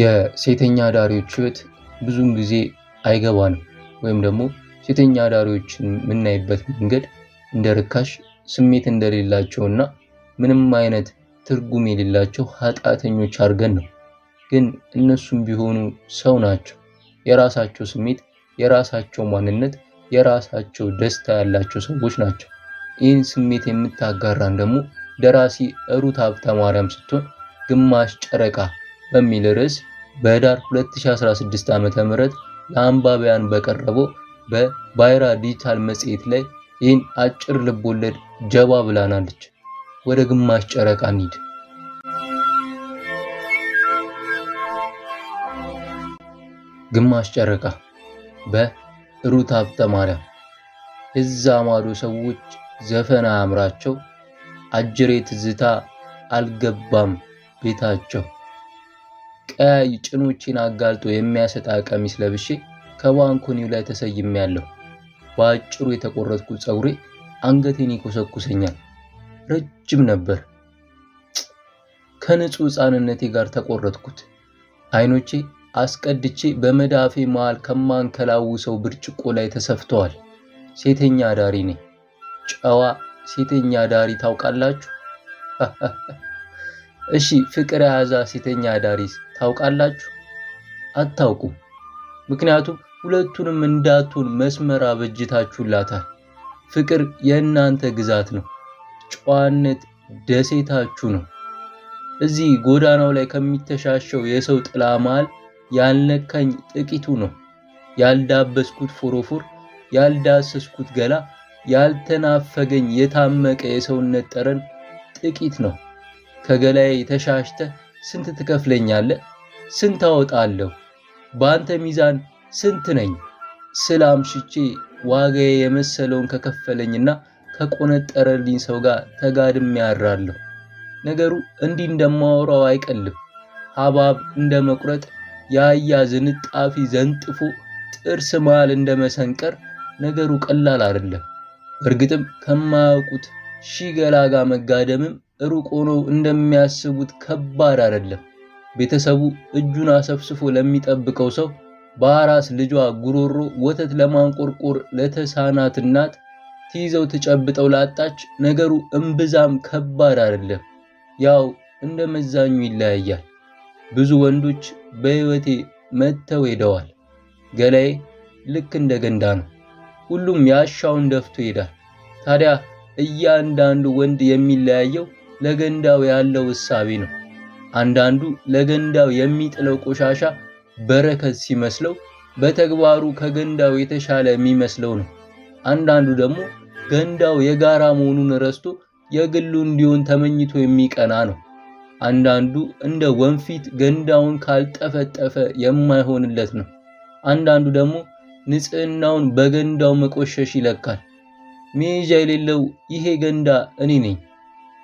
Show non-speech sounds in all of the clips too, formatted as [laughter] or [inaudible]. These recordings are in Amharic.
የሴተኛ አዳሪዎች ህይወት ብዙውን ጊዜ አይገባንም ወይም ደግሞ ሴተኛ አዳሪዎችን የምናይበት መንገድ እንደ ርካሽ ስሜት እንደሌላቸው እና ምንም አይነት ትርጉም የሌላቸው ኃጢአተኞች አድርገን ነው። ግን እነሱም ቢሆኑ ሰው ናቸው። የራሳቸው ስሜት፣ የራሳቸው ማንነት፣ የራሳቸው ደስታ ያላቸው ሰዎች ናቸው። ይህን ስሜት የምታጋራን ደግሞ ደራሲ ሩት ሀብተ ማርያም ስትሆን ግማሽ ጨረቃ በሚል ርዕስ በህዳር 2016 ዓ.ም ለአንባቢያን በቀረበው በባይራ ዲጂታል መጽሔት ላይ ይህን አጭር ልቦለድ ጀባ ብላናለች። ወደ ግማሽ ጨረቃ እንሂድ። ግማሽ ጨረቃ በሩት ሀብተ ማርያም። እዛ ማዶ ሰዎች ዘፈን አያምራቸው፣ አጅሬ ትዝታ አልገባም ቤታቸው ቀይ ጭኖቼን አጋልጦ የሚያሰጣ ቀሚስ ለብሼ ከባንኮኒው ላይ ተሰይሜያለሁ። በአጭሩ የተቆረጥኩት ፀጉሬ አንገቴን ይኮሰኩሰኛል። ረጅም ነበር። ከንጹህ ሕፃንነቴ ጋር ተቆረጥኩት። አይኖቼ አስቀድቼ በመዳፌ መሃል ከማንከላውሰው ብርጭቆ ላይ ተሰፍተዋል። ሴተኛ አዳሪ ነኝ። ጨዋ ሴተኛ አዳሪ ታውቃላችሁ? [laughs] እሺ ፍቅር የያዛ ሴተኛ አዳሪስ ታውቃላችሁ? አታውቁም። ምክንያቱም ሁለቱንም እንዳትሆን መስመር አበጅታችሁላታል። ፍቅር የእናንተ ግዛት ነው። ጨዋነት ደሴታችሁ ነው። እዚህ ጎዳናው ላይ ከሚተሻሸው የሰው ጥላ መሃል ያልነካኝ ጥቂቱ ነው። ያልዳበስኩት ፎሮፎር፣ ያልዳሰስኩት ገላ፣ ያልተናፈገኝ የታመቀ የሰውነት ጠረን ጥቂት ነው። ከገላይ ተሻሽተ ስንት ትከፍለኛለህ? ስንት አወጣለሁ? በአንተ ሚዛን ስንት ነኝ? ስላም አምሽቼ ዋጋዬ የመሰለውን ከከፈለኝና ከቆነጠረልኝ ሰው ጋር ተጋድም ያራለሁ። ነገሩ እንዲህ እንደማወራው አይቀልም። ሀብሀብ እንደ መቁረጥ፣ የአህያ ዝንጣፊ ዘንጥፎ ጥርስ መሃል እንደ መሰንቀር ነገሩ ቀላል አይደለም። እርግጥም ከማያውቁት ሺ ገላ መጋደምም ሩቅ ሆነው እንደሚያስቡት ከባድ አይደለም። ቤተሰቡ እጁን አሰፍስፎ ለሚጠብቀው ሰው በአራስ ልጇ ጉሮሮ ወተት ለማንቆርቆር ለተሳናት እናት ትይዘው ትጨብጠው ላጣች ነገሩ እምብዛም ከባድ አይደለም። ያው እንደ መዛኙ ይለያያል። ብዙ ወንዶች በሕይወቴ መጥተው ሄደዋል። ገላዬ ልክ እንደ ገንዳ ነው። ሁሉም ያሻውን ደፍቶ ይሄዳል። ታዲያ እያንዳንዱ ወንድ የሚለያየው ለገንዳው ያለው እሳቤ ነው። አንዳንዱ ለገንዳው የሚጥለው ቆሻሻ በረከት ሲመስለው በተግባሩ ከገንዳው የተሻለ የሚመስለው ነው። አንዳንዱ ደግሞ ገንዳው የጋራ መሆኑን ረስቶ የግሉ እንዲሆን ተመኝቶ የሚቀና ነው። አንዳንዱ እንደ ወንፊት ገንዳውን ካልጠፈጠፈ የማይሆንለት ነው። አንዳንዱ ደግሞ ንጽህናውን በገንዳው መቆሸሽ ይለካል። መያዣ የሌለው ይሄ ገንዳ እኔ ነኝ።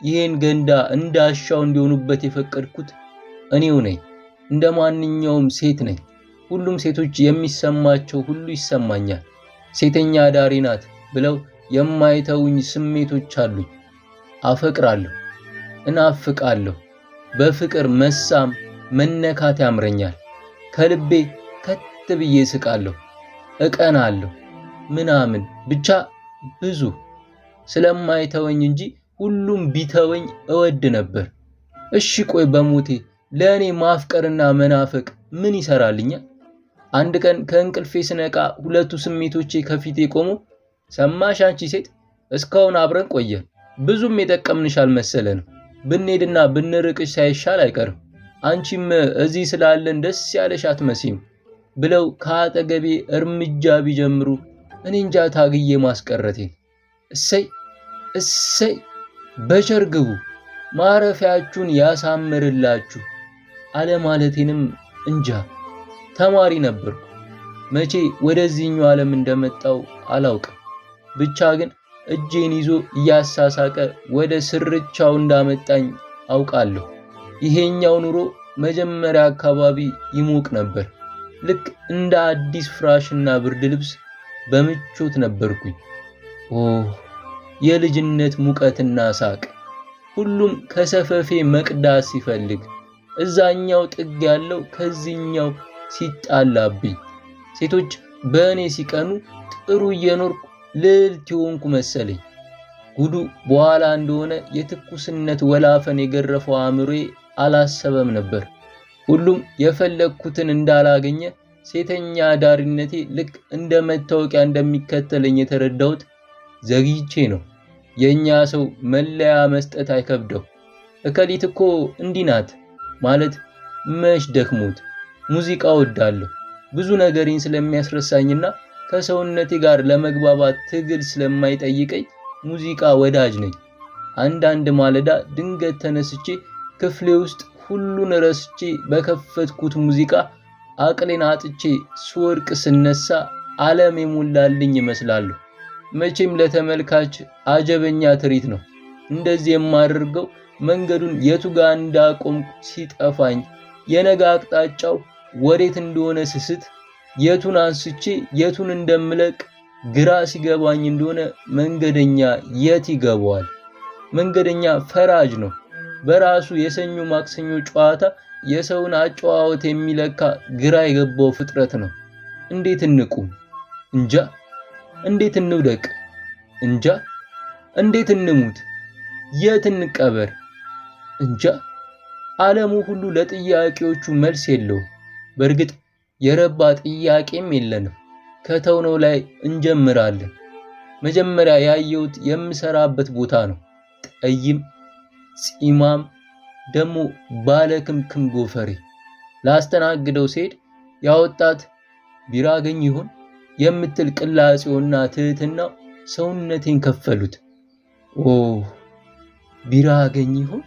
ይህን ገንዳ እንዳሻው እንዲሆኑበት የፈቀድኩት እኔው ነኝ። እንደ ማንኛውም ሴት ነኝ። ሁሉም ሴቶች የሚሰማቸው ሁሉ ይሰማኛል። ሴተኛ አዳሪ ናት ብለው የማይተውኝ ስሜቶች አሉኝ። አፈቅራለሁ፣ እናፍቃለሁ። በፍቅር መሳም መነካት ያምረኛል። ከልቤ ከት ብዬ ስቃለሁ፣ እቀናለሁ ምናምን ብቻ ብዙ ስለማይተወኝ እንጂ ሁሉም ቢተወኝ እወድ ነበር። እሺ ቆይ በሞቴ ለእኔ ማፍቀርና መናፈቅ ምን ይሰራልኛል? አንድ ቀን ከእንቅልፌ ስነቃ ሁለቱ ስሜቶቼ ከፊቴ ቆሞ፣ ሰማሽ አንቺ ሴት እስካሁን አብረን ቆየን፣ ብዙም የጠቀምንሽ አልመሰለንም። ብንሄድና ብንርቅሽ ሳይሻል አይቀርም። አንቺም እዚህ ስላለን ደስ ያለሽ አትመሲም ብለው ከአጠገቤ እርምጃ ቢጀምሩ እኔ እንጃ ታግዬ ማስቀረቴ እሰይ እሰይ በቸር ግቡ፣ ማረፊያችሁን ያሳምርላችሁ አለማለቴንም እንጃ። ተማሪ ነበርኩ። መቼ ወደዚህኛው ዓለም እንደመጣው አላውቅም። ብቻ ግን እጄን ይዞ እያሳሳቀ ወደ ስርቻው እንዳመጣኝ አውቃለሁ። ይሄኛው ኑሮ መጀመሪያ አካባቢ ይሞቅ ነበር። ልክ እንደ አዲስ ፍራሽና ብርድ ልብስ በምቾት ነበርኩኝ። ኦ የልጅነት ሙቀትና ሳቅ፣ ሁሉም ከሰፈፌ መቅዳት ሲፈልግ እዛኛው ጥግ ያለው ከዚህኛው ሲጣላብኝ፣ ሴቶች በእኔ ሲቀኑ ጥሩ እየኖርኩ ልዕልት የሆንኩ መሰለኝ። ጉዱ በኋላ እንደሆነ የትኩስነት ወላፈን የገረፈው አእምሮዬ አላሰበም ነበር። ሁሉም የፈለግኩትን እንዳላገኘ ሴተኛ ዳሪነቴ ልክ እንደ መታወቂያ እንደሚከተለኝ የተረዳሁት ዘግይቼ ነው። የእኛ ሰው መለያ መስጠት አይከብደው። እከሊት እኮ እንዲህ ናት ማለት መች ደክሞት። ሙዚቃ ወዳለሁ ብዙ ነገሬን ስለሚያስረሳኝና ከሰውነቴ ጋር ለመግባባት ትግል ስለማይጠይቀኝ ሙዚቃ ወዳጅ ነኝ። አንዳንድ ማለዳ ድንገት ተነስቼ ክፍሌ ውስጥ ሁሉን ረስቼ በከፈትኩት ሙዚቃ አቅሌን አጥቼ ስወድቅ ስነሳ ዓለም የሞላልኝ ይመስላለሁ። መቼም ለተመልካች አጀበኛ ትርኢት ነው። እንደዚህ የማደርገው መንገዱን የቱ ጋር እንዳቆም ሲጠፋኝ፣ የነገ አቅጣጫው ወዴት እንደሆነ ስስት፣ የቱን አንስቼ የቱን እንደምለቅ ግራ ሲገባኝ እንደሆነ መንገደኛ የት ይገባዋል? መንገደኛ ፈራጅ ነው። በራሱ የሰኞ ማክሰኞ ጨዋታ የሰውን አጨዋወት የሚለካ ግራ የገባው ፍጥረት ነው። እንዴት እንቁም እንጃ። እንዴት እንውደቅ? እንጃ። እንዴት እንሙት? የት እንቀበር? እንጃ። ዓለሙ ሁሉ ለጥያቄዎቹ መልስ የለውም። በእርግጥ የረባ ጥያቄም የለንም። ከተውነው ላይ እንጀምራለን። መጀመሪያ ያየሁት የምሰራበት ቦታ ነው። ጠይም ፂማም፣ ደግሞ ባለ ክምክም ጎፈሬ ላስተናግደው ሴድ ያወጣት ቢራ አገኝ ይሆን? የምትል ቅላጼውና ትህትናው ሰውነቴን ከፈሉት። ኦ ቢራ አገኝ ይሆን?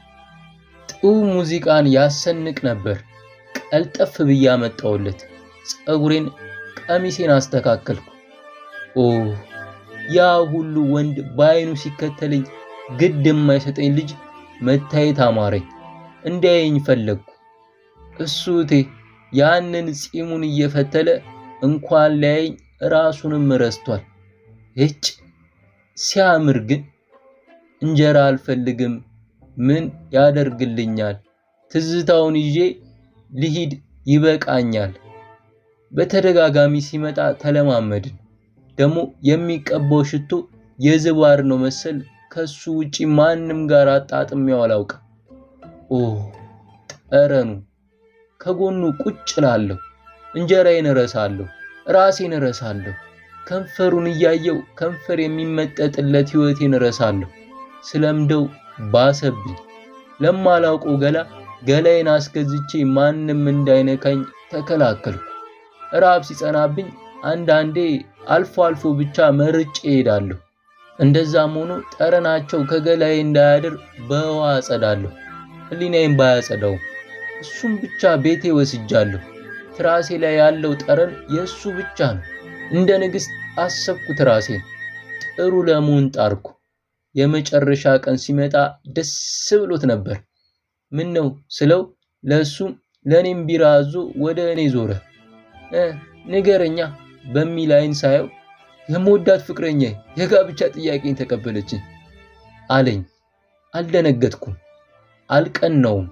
ጥሩ ሙዚቃን ያሰንቅ ነበር። ቀልጠፍ ብዬ አመጣሁለት። ፀጉሬን፣ ቀሚሴን አስተካከልኩ። ኦ ያ ሁሉ ወንድ በአይኑ ሲከተለኝ ግድ የማይሰጠኝ ልጅ መታየት አማረኝ። እንዲያየኝ ፈለግኩ። እሱቴ ያንን ፂሙን እየፈተለ እንኳን ሊያየኝ ራሱንም ረስቷል። እጭ ሲያምር ግን እንጀራ አልፈልግም ምን ያደርግልኛል? ትዝታውን ይዤ ልሂድ ይበቃኛል። በተደጋጋሚ ሲመጣ ተለማመድን። ደግሞ የሚቀባው ሽቶ የዝባር ነው መሰል ከሱ ውጪ ማንም ጋር አጣጥሜው አላውቅም። ኦ ጠረኑ! ከጎኑ ቁጭ እላለሁ፣ እንጀራዬን እረሳለሁ። ራሴን እረሳለሁ። ከንፈሩን እያየው ከንፈር የሚመጠጥለት ሕይወቴን እረሳለሁ። ስለምደው ባሰብኝ ለማላውቀው ገላ ገላዬን አስገዝቼ ማንም እንዳይነካኝ ተከላከልኩ። ራብ ሲጸናብኝ አንዳንዴ አልፎ አልፎ ብቻ መርጬ እሄዳለሁ። እንደዛም ሆኖ ጠረናቸው ከገላዬ እንዳያድር በውሃ አጸዳለሁ። ሕሊናዬን ባያጸዳውም እሱም ብቻ ቤቴ ወስጃለሁ። ራሴ ላይ ያለው ጠረን የእሱ ብቻ ነው። እንደ ንግሥት አሰብኩት ራሴን፣ ጥሩ ለመሆን ጣርኩ። የመጨረሻ ቀን ሲመጣ ደስ ብሎት ነበር። ምን ነው ስለው ለእሱም ለእኔም ቢራ አዞ ወደ እኔ ዞረ። ንገረኛ በሚል አይን ሳየው የምወዳት ፍቅረኛ የጋብቻ ጥያቄን ተቀበለች አለኝ። አልደነገጥኩም፣ አልቀናውም፣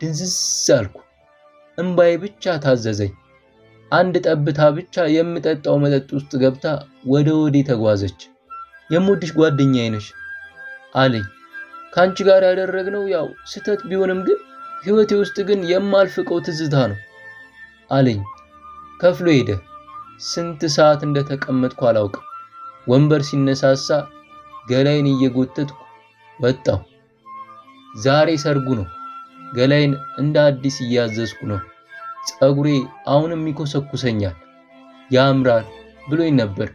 ድንዝዝ አልኩ። እምባዬ ብቻ ታዘዘኝ። አንድ ጠብታ ብቻ የምጠጣው መጠጥ ውስጥ ገብታ ወደ ወዴ ተጓዘች። የምወድሽ ጓደኛዬ ነሽ አለኝ። ከአንቺ ጋር ያደረግነው ያው ስህተት ቢሆንም ግን ሕይወቴ ውስጥ ግን የማልፍቀው ትዝታ ነው አለኝ። ከፍሎ ሄደ። ስንት ሰዓት እንደተቀመጥኩ አላውቅም። ወንበር ሲነሳሳ ገላይን እየጎተትኩ ወጣሁ። ዛሬ ሰርጉ ነው። ገላይን እንደ አዲስ እያዘዝኩ ነው። ፀጉሬ አሁንም ይኮሰኩሰኛል፣ ያምራል ብሎኝ ነበር።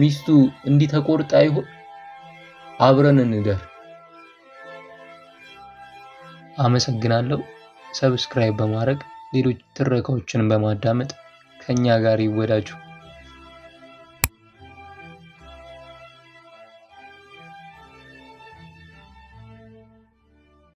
ሚስቱ እንዲህ ተቆርጣ ይሆን? አብረን እንደር። አመሰግናለሁ። ሰብስክራይብ በማድረግ ሌሎች ትረካዎችን በማዳመጥ ከኛ ጋር ይወዳጁ።